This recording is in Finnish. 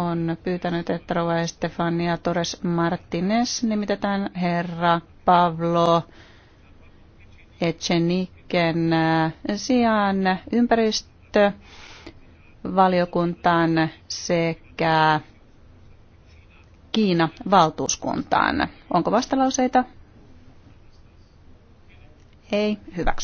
on pyytänyt, että Rova Estefania Torres Martinez nimitetään herra Pablo Echeniken äh, sijaan ympäristövaliokuntaan sekä Kiina valtuuskuntaan. Onko vastalauseita? Ei. Hyväksy.